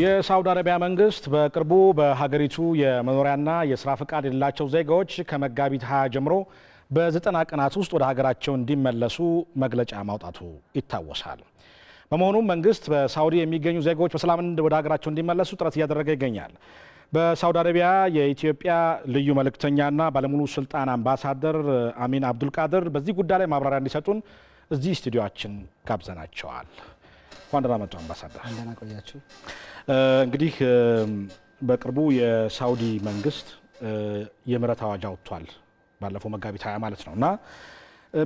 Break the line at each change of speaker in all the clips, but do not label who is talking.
የሳውዲ አረቢያ መንግስት በቅርቡ በሀገሪቱ የመኖሪያና የስራ ፈቃድ የሌላቸው ዜጋዎች ከመጋቢት ሀያ ጀምሮ በዘጠና ቀናት ውስጥ ወደ ሀገራቸው እንዲመለሱ መግለጫ ማውጣቱ ይታወሳል። በመሆኑም መንግስት በሳውዲ የሚገኙ ዜጋዎች በሰላም ወደ ሀገራቸው እንዲመለሱ ጥረት እያደረገ ይገኛል። በሳውዲ አረቢያ የኢትዮጵያ ልዩ መልእክተኛና ባለሙሉ ስልጣን አምባሳደር አሚን አብዱልቃድር በዚህ ጉዳይ ላይ ማብራሪያ እንዲሰጡን እዚህ ስቱዲዮችን ጋብዘናቸዋል። እንኳን ደህና መጡ አምባሳደር።
እንደምን ቆያችሁ።
እንግዲህ በቅርቡ የሳውዲ መንግስት የምህረት አዋጅ አውጥቷል፣ ባለፈው መጋቢት ሀያ ማለት ነው እና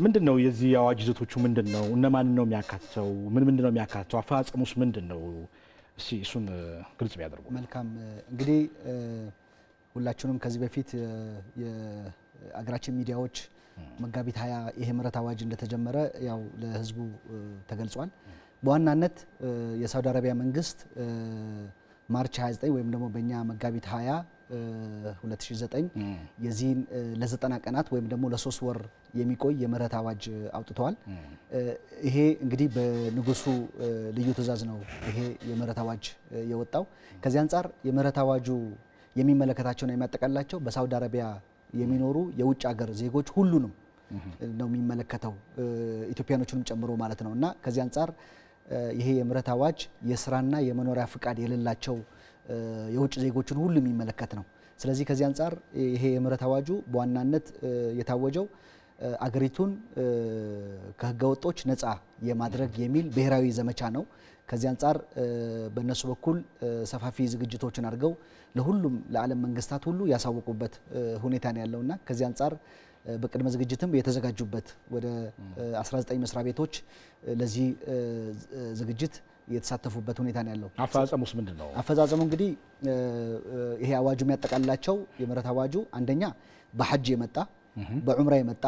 ምንድን ነው የዚህ አዋጅ ይዘቶቹ ምንድን ነው? እነማን ነው የሚያካትተው? ምን ምንድን ነው የሚያካትተው? አፈጻጸሙስ ምንድን ነው? እስቲ እሱን ግልጽ ቢያደርጉ
መልካም። እንግዲህ ሁላችሁንም ከዚህ በፊት የአገራችን ሚዲያዎች መጋቢት ሀያ ይሄ ምህረት አዋጅ እንደተጀመረ ያው ለህዝቡ ተገልጿል። በዋናነት የሳውዲ አረቢያ መንግስት ማርች 29 ወይም ደግሞ በእኛ መጋቢት 20 2009 የዚህን ለ ቀናት ወይም ደግሞ ለሶስት ወር የሚቆይ የምህረት አዋጅ አውጥተዋል። ይሄ እንግዲህ በንጉሱ ልዩ ትዕዛዝ ነው ይሄ የምህረት አዋጅ የወጣው። ከዚህ አንጻር የምህረት አዋጁ የሚመለከታቸውና የሚያጠቃላቸው በሳውዲ አረቢያ የሚኖሩ የውጭ ሀገር ዜጎች ሁሉንም ነው የሚመለከተው ኢትዮጵያኖቹንም ጨምሮ ማለት ነው እና ከዚህ አንጻር ይሄ የምህረት አዋጅ የስራና የመኖሪያ ፍቃድ የሌላቸው የውጭ ዜጎችን ሁሉ የሚመለከት ነው። ስለዚህ ከዚህ አንጻር ይሄ የምህረት አዋጁ በዋናነት የታወጀው አገሪቱን ከህገወጦች ነፃ የማድረግ የሚል ብሔራዊ ዘመቻ ነው። ከዚህ አንጻር በእነሱ በኩል ሰፋፊ ዝግጅቶችን አድርገው ለሁሉም ለዓለም መንግስታት ሁሉ ያሳወቁበት ሁኔታ ነው ያለውና ከዚህ አንጻር በቅድመ ዝግጅትም የተዘጋጁበት ወደ 19 መስሪያ ቤቶች ለዚህ ዝግጅት የተሳተፉበት ሁኔታ ነው ያለው።
አፈጻጸሙስ ምንድን ነው?
አፈጻጸሙ እንግዲህ ይሄ አዋጁ የሚያጠቃልላቸው የምህረት አዋጁ አንደኛ በሐጅ የመጣ በዑምራ የመጣ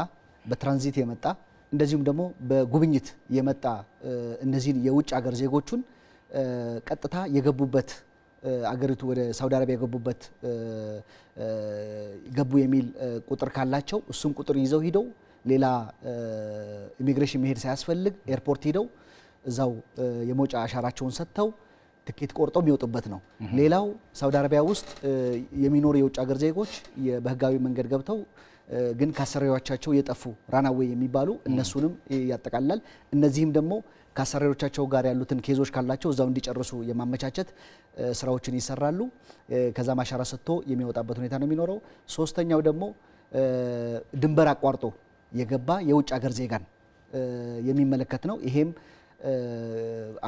በትራንዚት የመጣ እንደዚሁም ደግሞ በጉብኝት የመጣ እነዚህን የውጭ ሀገር ዜጎቹን ቀጥታ የገቡበት አገሪቱ ወደ ሳውዲ አረቢያ የገቡበት ገቡ የሚል ቁጥር ካላቸው እሱም ቁጥር ይዘው ሂደው ሌላ ኢሚግሬሽን መሄድ ሳያስፈልግ ኤርፖርት ሂደው እዛው የመውጫ አሻራቸውን ሰጥተው ትኬት ቆርጠው የሚወጡበት ነው። ሌላው ሳውዲ አረቢያ ውስጥ የሚኖሩ የውጭ ሀገር ዜጎች በህጋዊ መንገድ ገብተው ግን ከአሰሪዎቻቸው የጠፉ ራናዌይ የሚባሉ እነሱንም ያጠቃልላል። እነዚህም ደግሞ ከአሰሪዎቻቸው ጋር ያሉትን ኬዞች ካላቸው እዛው እንዲጨርሱ የማመቻቸት ስራዎችን ይሰራሉ። ከዛ ማሻራ ሰጥቶ የሚወጣበት ሁኔታ ነው የሚኖረው። ሶስተኛው ደግሞ ድንበር አቋርጦ የገባ የውጭ ሀገር ዜጋን የሚመለከት ነው። ይሄም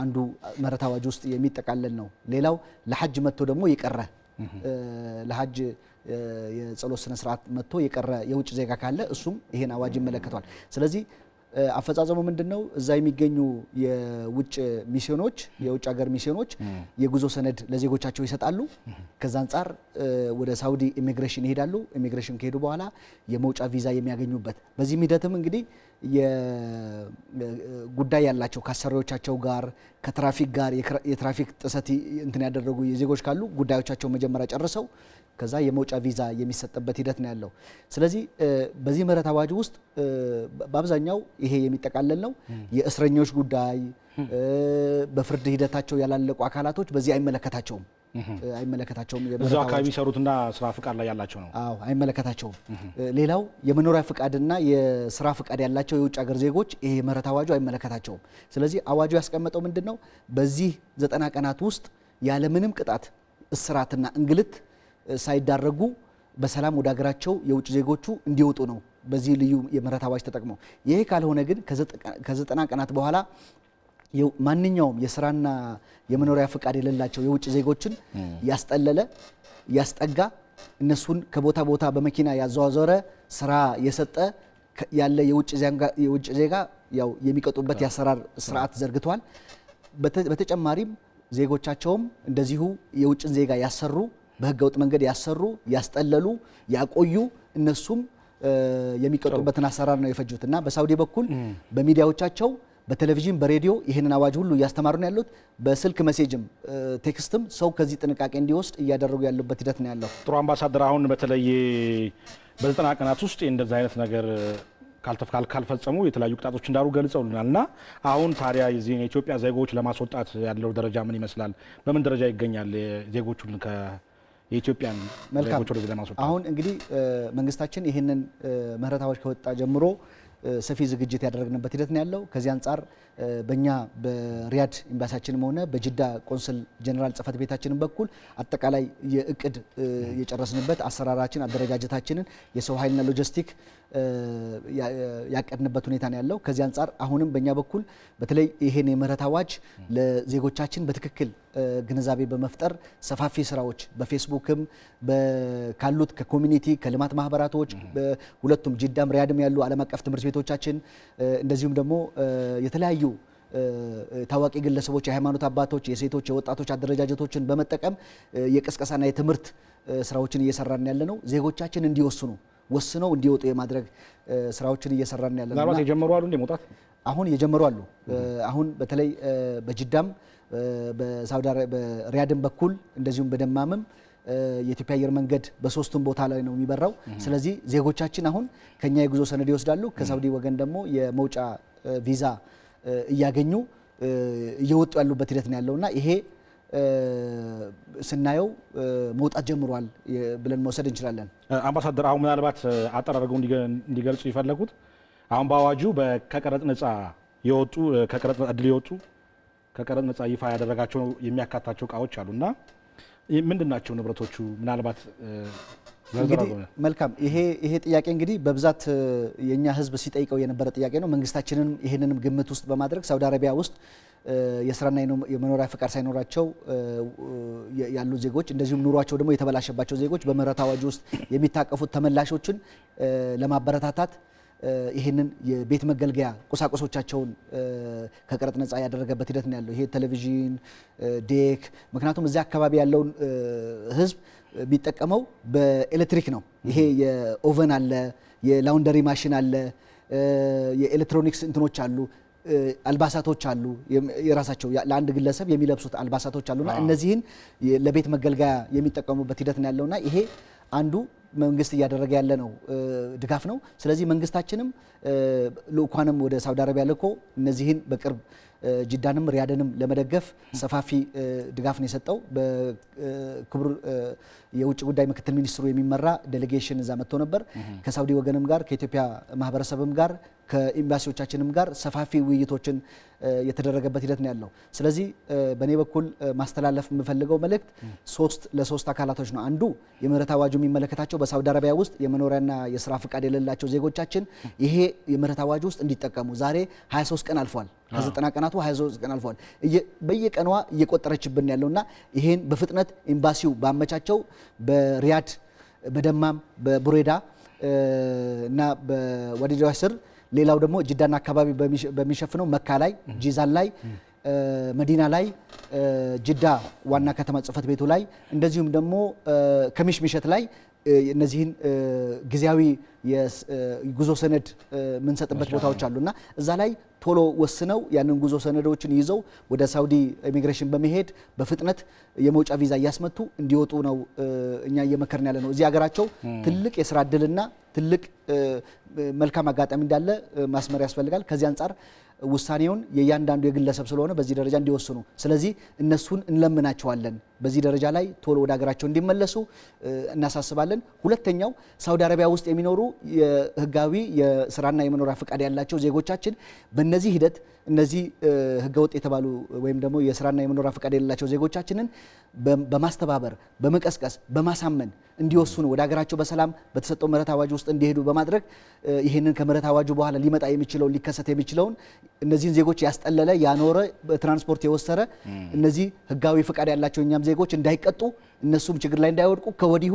አንዱ ምህረት አዋጅ ውስጥ የሚጠቃለል ነው። ሌላው ለሐጅ መጥቶ ደግሞ የቀረ ለሐጅ የጸሎት ስነ ስርዓት መጥቶ የቀረ የውጭ ዜጋ ካለ እሱም ይሄን አዋጅ ይመለከተዋል። ስለዚህ አፈጻጸሙ ምንድን ነው? እዛ የሚገኙ የውጭ ሚስዮኖች የውጭ ሀገር ሚስዮኖች የጉዞ ሰነድ ለዜጎቻቸው ይሰጣሉ። ከዛ አንጻር ወደ ሳውዲ ኢሚግሬሽን ይሄዳሉ። ኢሚግሬሽን ከሄዱ በኋላ የመውጫ ቪዛ የሚያገኙበት በዚህም ሂደትም እንግዲህ ጉዳይ ያላቸው ከአሰሪዎቻቸው ጋር ከትራፊክ ጋር የትራፊክ ጥሰት እንትን ያደረጉ ዜጎች ካሉ ጉዳዮቻቸው መጀመሪያ ጨርሰው ከዛ የመውጫ ቪዛ የሚሰጥበት ሂደት ነው ያለው። ስለዚህ በዚህ ምህረት አዋጅ ውስጥ በአብዛኛው ይሄ የሚጠቃለል ነው። የእስረኞች ጉዳይ፣ በፍርድ ሂደታቸው ያላለቁ አካላቶች በዚህ አይመለከታቸውም።
አይመለከታቸውም። እዛው አካባቢ የሚሰሩትና ስራ ፍቃድ ላይ ያላቸው ነው።
አዎ አይመለከታቸውም። ሌላው የመኖሪያ ፍቃድና የስራ ፍቃድ ያላቸው የውጭ ሀገር ዜጎች ይሄ የምህረት አዋጁ አይመለከታቸውም። ስለዚህ አዋጁ ያስቀመጠው ምንድን ነው? በዚህ ዘጠና ቀናት ውስጥ ያለምንም ቅጣት እስራትና እንግልት ሳይዳረጉ በሰላም ወደ ሀገራቸው የውጭ ዜጎቹ እንዲወጡ ነው። በዚህ ልዩ የምህረት አዋጅ ተጠቅሞ ይሄ ካልሆነ ግን ከዘጠና ቀናት በኋላ ማንኛውም የስራና የመኖሪያ ፈቃድ የሌላቸው የውጭ ዜጎችን ያስጠለለ ያስጠጋ እነሱን ከቦታ ቦታ በመኪና ያዘዋዘረ ስራ የሰጠ ያለ የውጭ ዜጋ ያው የሚቀጡበት የአሰራር ስርዓት ዘርግቷል። በተጨማሪም ዜጎቻቸውም እንደዚሁ የውጭን ዜጋ ያሰሩ፣ በህገወጥ መንገድ ያሰሩ፣ ያስጠለሉ፣ ያቆዩ እነሱም የሚቀጡበትን አሰራር ነው የፈጁት እና በሳውዲ በኩል በሚዲያዎቻቸው በቴሌቪዥን በሬዲዮ ይህንን አዋጅ ሁሉ እያስተማሩ ነው ያሉት። በስልክ መሴጅም ቴክስትም ሰው ከዚህ ጥንቃቄ እንዲወስድ እያደረጉ ያሉበት ሂደት ነው ያለው።
ጥሩ አምባሳደር፣ አሁን በተለይ በዘጠና ቀናት ውስጥ እንደዚ አይነት ነገር ካልፈጸሙ የተለያዩ ቅጣቶች እንዳሉ ገልጸውልናል እና አሁን ታዲያ የዚህን የኢትዮጵያ ዜጎች ለማስወጣት ያለው ደረጃ ምን ይመስላል? በምን ደረጃ ይገኛል? ዜጎቹን የኢትዮጵያን ዜጎች ወደዚህ ለማስወጣት
አሁን እንግዲህ መንግስታችን ይህንን ምህረት አዋጅ ከወጣ ጀምሮ ሰፊ ዝግጅት ያደረግንበት ሂደት ነው ያለው። ከዚህ አንጻር በእኛ በሪያድ ኤምባሲያችንም ሆነ በጅዳ ቆንስል ጀኔራል ጽህፈት ቤታችንም በኩል አጠቃላይ የእቅድ የጨረስንበት አሰራራችን፣ አደረጃጀታችንን የሰው ኃይልና ሎጂስቲክ ያቀድንበት ሁኔታ ነው ያለው። ከዚህ አንጻር አሁንም በእኛ በኩል በተለይ ይሄን የምህረት አዋጅ ለዜጎቻችን በትክክል ግንዛቤ በመፍጠር ሰፋፊ ስራዎች በፌስቡክም ካሉት ከኮሚኒቲ ከልማት ማህበራቶች ሁለቱም ጅዳም ሪያድም ያሉ ዓለም አቀፍ ትምህርት ቤቶቻችን እንደዚሁም ደግሞ የተለያዩ ታዋቂ ግለሰቦች፣ የሃይማኖት አባቶች፣ የሴቶች የወጣቶች አደረጃጀቶችን በመጠቀም የቅስቀሳና የትምህርት ስራዎችን እየሰራን ያለ ነው ዜጎቻችን እንዲወስኑ ወስነው እንዲወጡ የማድረግ ስራዎችን እየሰራን ያለ
ምናልባት የጀመሩ አሉ እንደ መውጣት
አሁን የጀመሩ አሉ። አሁን በተለይ በጅዳም በሳውዲ በኩል እንደዚሁም በደማምም የኢትዮጵያ አየር መንገድ በሶስቱም ቦታ ላይ ነው የሚበራው። ስለዚህ ዜጎቻችን አሁን ከኛ የጉዞ ሰነድ ይወስዳሉ። ከሳውዲ ወገን ደግሞ የመውጫ ቪዛ እያገኙ እየወጡ ያሉበት ሂደት ነው ያለውና ይሄ ስናየው መውጣት ጀምሯል ብለን መውሰድ እንችላለን።
አምባሳደር፣ አሁን ምናልባት አጠር አድርገው እንዲገልጹ የፈለጉት አሁን በአዋጁ ከቀረጥ ነጻ የወጡ ከቀረጥ እድል የወጡ ከቀረጥ ነጻ ይፋ ያደረጋቸው የሚያካታቸው እቃዎች እና ምንድን ናቸው ንብረቶቹ? ምናልባት
መልካም ይሄ ጥያቄ እንግዲህ በብዛት የእኛ ህዝብ ሲጠይቀው የነበረ ጥያቄ ነው። መንግስታችንን ይህንንም ግምት ውስጥ በማድረግ ሳውዲ አረቢያ ውስጥ የስራና የመኖሪያ ፍቃድ ሳይኖራቸው ያሉ ዜጎች እንደዚሁም ኑሯቸው ደግሞ የተበላሸባቸው ዜጎች በምህረት አዋጅ ውስጥ የሚታቀፉት ተመላሾችን ለማበረታታት ይህንን የቤት መገልገያ ቁሳቁሶቻቸውን ከቀረጥ ነጻ ያደረገበት ሂደት ነው ያለው። ይሄ ቴሌቪዥን፣ ዴክ ምክንያቱም እዚያ አካባቢ ያለውን ህዝብ የሚጠቀመው በኤሌክትሪክ ነው። ይሄ የኦቨን አለ፣ የላውንደሪ ማሽን አለ፣ የኤሌክትሮኒክስ እንትኖች አሉ። አልባሳቶች አሉ። የራሳቸው ለአንድ ግለሰብ የሚለብሱት አልባሳቶች አሉና እነዚህን ለቤት መገልገያ የሚጠቀሙበት ሂደት ነው ያለውና ይሄ አንዱ መንግስት እያደረገ ያለ ነው ድጋፍ ነው። ስለዚህ መንግስታችንም ልኡኳንም ወደ ሳውዲ አረቢያ ልኮ እነዚህን በቅርብ ጅዳንም ሪያድንም ለመደገፍ ሰፋፊ ድጋፍ ነው የሰጠው። በክቡር የውጭ ጉዳይ ምክትል ሚኒስትሩ የሚመራ ዴሌጌሽን እዛ መጥቶ ነበር። ከሳውዲ ወገንም ጋር ከኢትዮጵያ ማህበረሰብም ጋር ከኤምባሲዎቻችንም ጋር ሰፋፊ ውይይቶችን የተደረገበት ሂደት ነው ያለው። ስለዚህ በእኔ በኩል ማስተላለፍ የምፈልገው መልእክት ሶስት ለሶስት አካላቶች ነው። አንዱ የምህረት አዋጁ የሚመለከታቸው በሳውዲ አረቢያ ውስጥ የመኖሪያና የስራ ፈቃድ የሌላቸው ዜጎቻችን ይሄ የምህረት አዋጅ ውስጥ እንዲጠቀሙ ዛሬ 23 ቀን አልፏል። ከዘጠና ቀናቱ 23 ቀን አልፏል። በየቀኗ እየቆጠረችብን ያለውና ይሄን በፍጥነት ኤምባሲው ባመቻቸው በሪያድ በደማም በቡሬዳ እና በወዲዳዋ ስር ሌላው ደግሞ ጅዳና አካባቢ በሚሸፍነው መካ ላይ፣ ጂዛን ላይ፣ መዲና ላይ፣ ጅዳ ዋና ከተማ ጽህፈት ቤቱ ላይ እንደዚሁም ደግሞ ከሚሽ ሚሸት ላይ እነዚህን ጊዜያዊ የጉዞ ሰነድ የምንሰጥበት ቦታዎች አሉና እዛ ላይ ቶሎ ወስነው ያንን ጉዞ ሰነዶችን ይዘው ወደ ሳውዲ ኢሚግሬሽን በመሄድ በፍጥነት የመውጫ ቪዛ እያስመቱ እንዲወጡ ነው እኛ እየመከርን ያለ ነው። እዚህ ሀገራቸው ትልቅ የስራ እድልና ትልቅ መልካም አጋጣሚ እንዳለ ማስመር ያስፈልጋል። ከዚህ አንጻር ውሳኔውን የእያንዳንዱ የግለሰብ ስለሆነ በዚህ ደረጃ እንዲወስኑ፣ ስለዚህ እነሱን እንለምናቸዋለን። በዚህ ደረጃ ላይ ቶሎ ወደ ሀገራቸው እንዲመለሱ እናሳስባለን። ሁለተኛው ሳውዲ አረቢያ ውስጥ የሚኖሩ ህጋዊ የስራና የመኖሪያ ፈቃድ ያላቸው ዜጎቻችን በእነዚህ ሂደት እነዚህ ህገወጥ የተባሉ ወይም ደግሞ የስራና የመኖሪያ ፈቃድ የሌላቸው ዜጎቻችንን በማስተባበር በመቀስቀስ በማሳመን እንዲወስኑ ወደ ሀገራቸው በሰላም በተሰጠው ምህረት አዋጅ ውስጥ እንዲሄዱ በማድረግ ይህንን ከምህረት አዋጁ በኋላ ሊመጣ የሚችለውን ሊከሰት የሚችለውን እነዚህን ዜጎች ያስጠለለ ያኖረ በትራንስፖርት የወሰረ እነዚህ ህጋዊ ፈቃድ ያላቸው እኛም ዜጎች እንዳይቀጡ እነሱም ችግር ላይ እንዳይወድቁ ከወዲሁ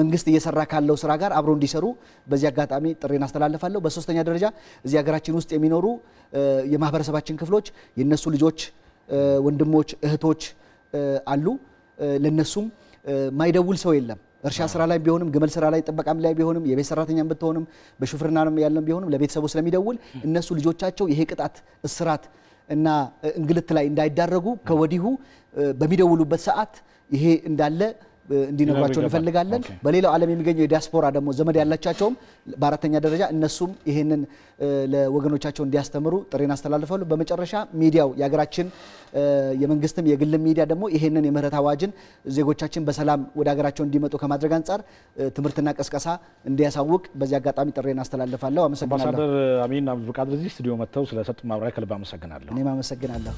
መንግስት እየሰራ ካለው ስራ ጋር አብሮ እንዲሰሩ በዚህ አጋጣሚ ጥሪ እናስተላልፋለሁ። በሶስተኛ ደረጃ እዚህ ሀገራችን ውስጥ የሚኖሩ የማህበረሰባችን ክፍሎች የነሱ ልጆች፣ ወንድሞች፣ እህቶች አሉ። ለነሱም ማይደውል ሰው የለም። እርሻ ስራ ላይ ቢሆንም፣ ግመል ስራ ላይ፣ ጥበቃም ላይ ቢሆንም፣ የቤት ሰራተኛ ብትሆንም፣ በሹፍርና ያለም ቢሆንም ለቤተሰቡ ስለሚደውል እነሱ ልጆቻቸው ይሄ ቅጣት እስራት እና እንግልት ላይ እንዳይዳረጉ ከወዲሁ በሚደውሉበት ሰዓት ይሄ እንዳለ እንዲነግሯቸው እንፈልጋለን። በሌላው ዓለም የሚገኘው የዲያስፖራ ደግሞ ዘመድ ያላቻቸውም በአራተኛ ደረጃ እነሱም ይህንን ለወገኖቻቸው እንዲያስተምሩ ጥሪን አስተላልፋሉ። በመጨረሻ ሚዲያው የሀገራችን የመንግስትም የግልም ሚዲያ ደግሞ ይህንን የምህረት አዋጅን ዜጎቻችን በሰላም ወደ ሀገራቸው እንዲመጡ ከማድረግ አንጻር ትምህርትና ቀስቀሳ እንዲያሳውቅ በዚህ አጋጣሚ ጥሪን አስተላልፋለሁ።
አመሰግናለሁ። አምባሳደር አሚን አብዱልቃድር እዚህ ስቱዲዮ መጥተው ስለሰጡ ማብራሪያ ከልብ አመሰግናለሁ።
እኔም አመሰግናለሁ።